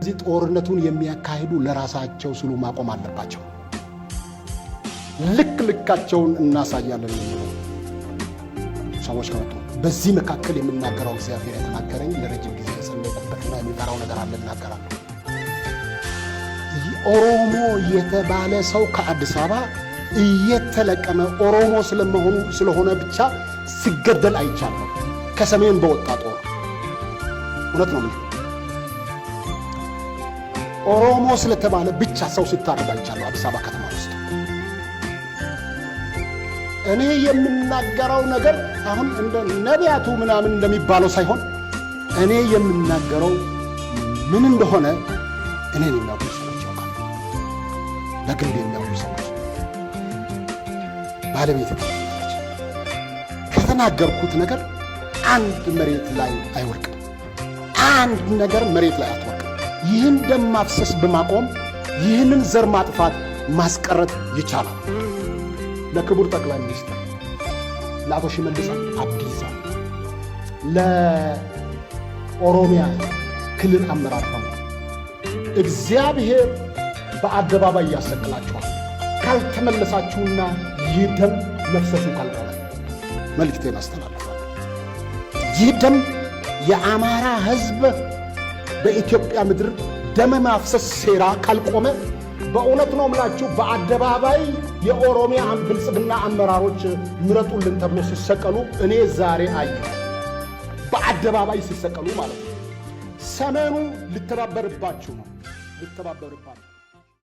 እዚህ ጦርነቱን የሚያካሂዱ ለራሳቸው ስሉ ማቆም አለባቸው። ልክ ልካቸውን እናሳያለን የሚለው ሰዎች ከመጡ በዚህ መካከል የምናገረው እግዚአብሔር የተናገረኝ ለረጅም ጊዜ የጸለይኩበትና የሚጠራው ነገር አለ እናገራለሁ። ኦሮሞ የተባለ ሰው ከአዲስ አበባ እየተለቀመ ኦሮሞ ስለመሆኑ ስለሆነ ብቻ ሲገደል አይቻለሁ። ከሰሜን በወጣ ጦር እውነት ነው። ኦሮሞ ስለተባለ ብቻ ሰው ሲታረድ አይቻለሁ አዲስ አበባ ከተማ ውስጥ። እኔ የምናገረው ነገር አሁን እንደ ነቢያቱ ምናምን እንደሚባለው ሳይሆን እኔ የምናገረው ምን እንደሆነ እኔን የሚያውቁ ሰዎች ያውቃሉ። በግል የሚያውቁ ሰዎች ባለቤት ከተናገርኩት ነገር አንድ መሬት ላይ አይወርቅም። አንድ ነገር መሬት ላይ አትወ ይህን ደም ማፍሰስ በማቆም ይህንን ዘር ማጥፋት ማስቀረት ይቻላል። ለክቡር ጠቅላይ ሚኒስትር ለአቶ ሽመልስ አብዲሳ፣ ለኦሮሚያ ክልል አመራር በሙሉ እግዚአብሔር በአደባባይ ያሰቅላችኋል ካልተመለሳችሁና ይህ ደም መፍሰሱ ካልቀረ መልእክቴን አስተላልፋለሁ። ይህ ደም የአማራ ሕዝብ በኢትዮጵያ ምድር ደመ ማፍሰስ ሴራ ካልቆመ በእውነት ነው ምላችሁ በአደባባይ የኦሮሚያ ብልጽግና አመራሮች ምረጡልን ተብሎ ሲሰቀሉ እኔ ዛሬ አየ። በአደባባይ ሲሰቀሉ ማለት ነው። ሰሜኑ ልተባበርባችሁ ነው፣ ልተባበርባችሁ